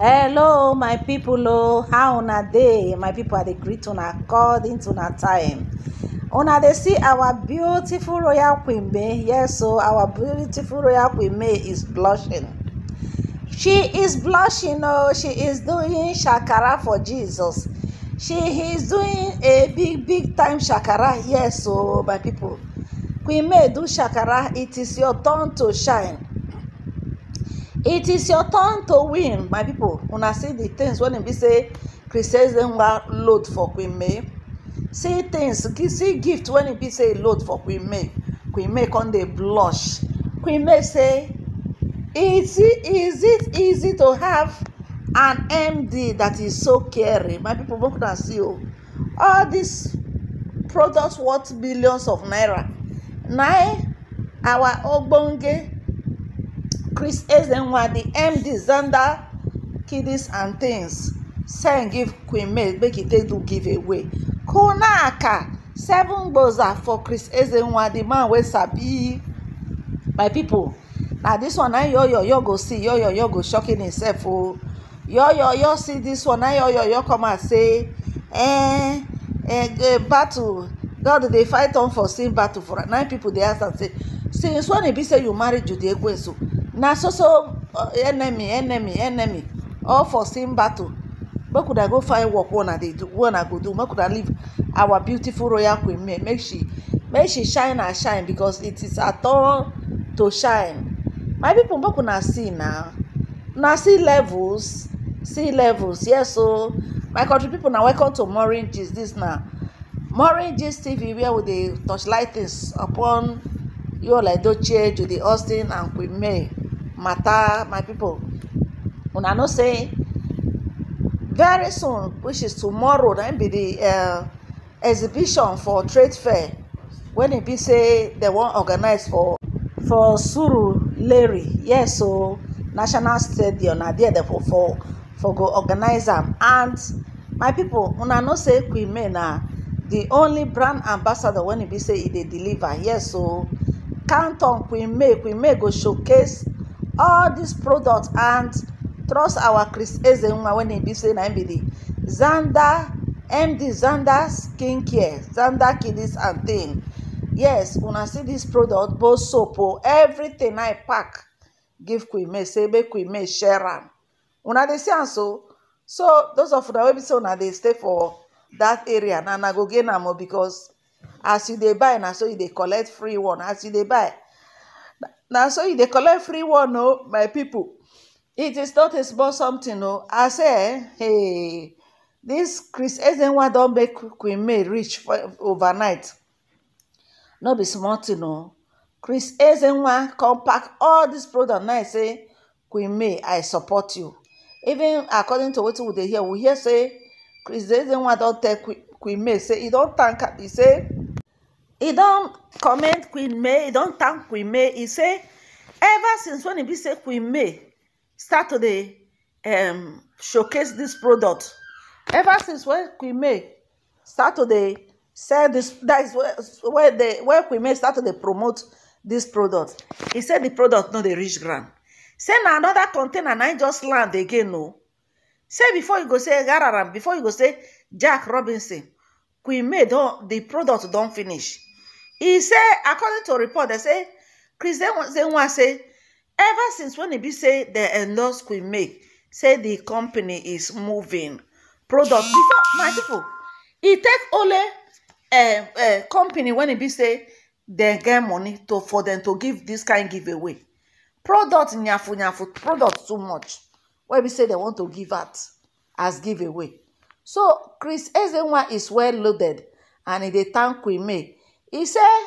hello my people Oh, how una dey my people i dey greet una according to una time una dey see our beautiful royal queen bee. yes o oh, our beautiful royal queen bee is blushing she is blushing Oh, she is doing shakara for jesus she is doing a big big time shakara yes o oh, my people queen bee do shakara it is your turn to shine it is your turn to win my people una see the things wey be say christians dem wan load for queen may see things see gift wey be say load for queen may queen may come dey blush queen may say is it is it easy to have an md that is so caring my people make una see o oh. all these products worth billions of naira na our ogbonge Chris Ezenwadi, MD Zander Kiddies and Things send give Queen May make e take do giveaway. Konaka seven gboza for Chris Ezenwadi man wey sabi my people Now this one I yo yo yo go see yo yo yo go shocking himself Oh, yo yo yo see this one I yo yo yo come and say eh eh battle God they fight on for same battle for nine people They ask and say since when e be say you marry Jude Ekwensu na so so eh, enemy enemy enemy all for same battle make una go find work wey una dey do wey una go do make una leave our beautiful royal queen may make she make she shine and shine because it is her turn to shine my people make una see na una see levels see levels yes so, my country people na welcome to maureen gist this na maureen gist tv where we dey torchlight things upon. Yul Edochie, Judy Austin, and Queen May matter my people una know say very soon which is tomorrow na be the uh, exhibition for trade fair when it e be say they won't organize for for Suru surulere yes o so national stadium na there they for for for go organize them. and my people una know say queen may the only brand ambassador when it e be say they e deliver yes o so, count on queen may queen may go showcase all these products and trust our chris ezenwa when e be say na him be the zanda md zanda skincare zanda kiddies and thing yes una see this product both soap o everything I pack give queen say make queen may share am una dey see am so so those of una wey be say una dey stay for that area na na go gain am o because as you dey buy na so you dey collect free one as you dey buy na so e dey collect free one oh my people, it is not a small something oh i say eh, hey this chris ezenwa don make queen may reach overnight no be small thing, oh chris ezenwa come pack all this product now say queen may i support you even according to wetin we dey hear we hear say chris ezenwa don tell queen may say he don thank am e say He don't comment queen may He don't thank queen may He say ever since when he be say queen may start to dey um, showcase this product ever since when queen may start to dey sell this, that is where where queen may start to dey promote this product He said the product not the rich grand. say na anoda container na just land again no. say before you go say gararam before you go say jack robinson queen may don The product don't finish He say according to report dem say chris denwa say ever since when he be say the endorse we make, say the company is moving product before my people, he take only eh, eh, company when he be say they get money to for them to give this kind give away product nyafu nyafu product too much wey be say they want to give out as give away so chris ezenwa is well loaded and e dey thank we make e say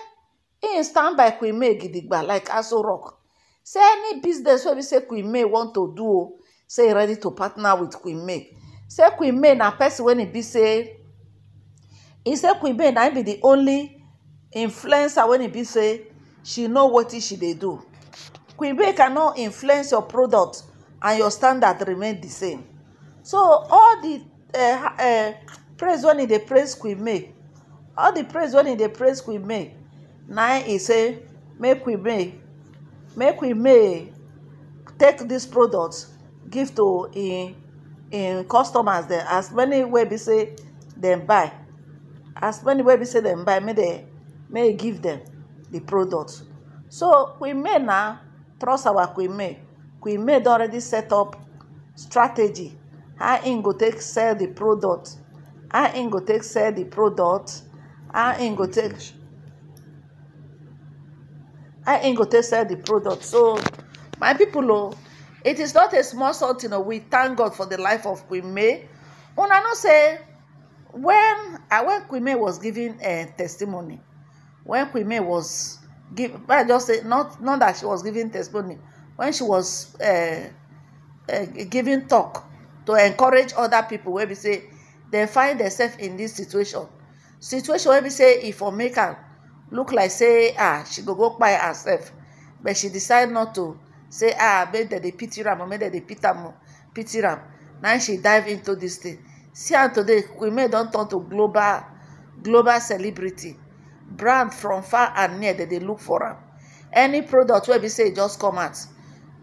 im stand by queen may gidigba like aso rock say any business wey be say queen may want to do o say e ready to partner with queen may say queen may na person wey e be say e say queen may na im be the only influencer wey e be say she know wetin she dey do queen may cannot influence your product and your standard remain the same so all the uh, uh, praise when e dey praise queen may all the praise wey im dey praise queen may na he say make queen may make queen may take dis product give to im im customers dem as many wey be say dem buy as many wey be say dem buy may dem may e give dem the product so queen may na trust our queen may queen may don already set up strategy how im go take sell the product how im go take sell the product I ain't go take I ain't go take sell the product. So my people oh, it is not a small sort you know. We thank God for the life of Queen May. I no say when I uh, when Queen May was giving a uh, testimony, when Queen May was give I just say not not that she was giving testimony, when she was uh, uh, giving talk to encourage other people where we say they find themselves in this situation situation wey be say e for make am look like say ah she go go kpai herself but she decide not to say ah make dem dey pity am or make dem dey pity am na she dive into this thing see am today queen may don turn to global global celebrity brand from far and near dem dey look for am any product wey be say e just come out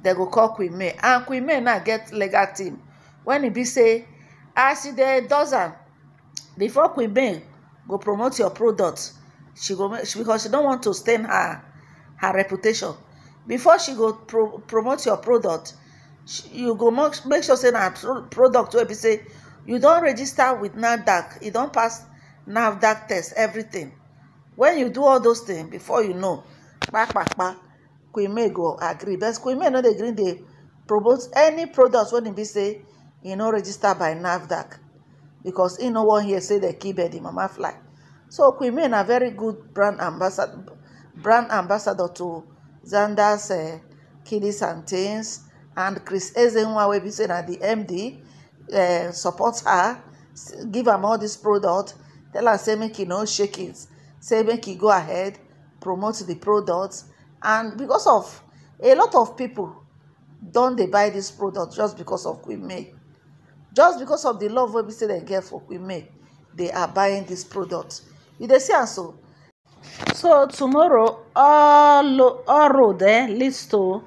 dem go call queen may and queen now get legal team wen e be say as e dey dozen before queen go promote your product she go make because she don't want to stain her her reputation before she go pro promote your product you go make make sure say na product wey be say you don register with NAFDAC e don pass NAFDAC test everything when you do all those things before you know kpakpakpa Queen May go agree but Queen May no dey gree dey promote any product wey e be say e no register by NAFDAC because he no one here say dem kill bird mama fly so queen may a very good brand ambassador brand ambassador to zanders eh, kiddies and teens and chris ezenwa wey be saying na the md eh, support her give her all this product tell her say make e no shake it say make e go ahead promote the product and because of a lot of people, don't they buy this product just because of queen may just because of the love wey be say dem get for women they are buying this product you dey see am so. so tomorrow all all road eh, leads to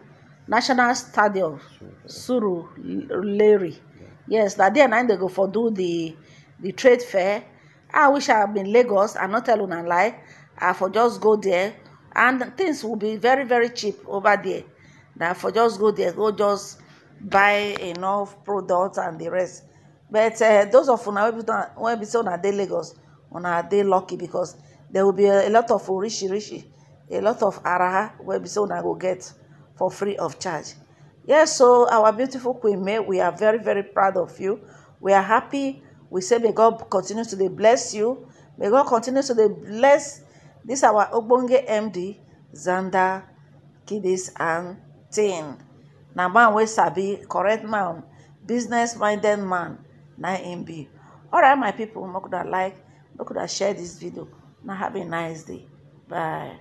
national stadium surulere yes na there na im dey go for do the the trade fair i wish i been lagos i no tell una lie i for just go there and things will be very very cheap over there na for just go there go just buy enough products and the rest but uh, those of una wey be say una dey lagos una dey lucky because there will be a lot of rishi rishi, a lot of araha wey be say una go get for free of charge yes so our beautiful queen may we are very very proud of you we are happy we say may god continue to bless you may god continue to bless This our ogbonge md Zanda, kiddies and tin na man wey sabi correct man business minded man na him be alright my people make una like make una share this video na have a nice day bye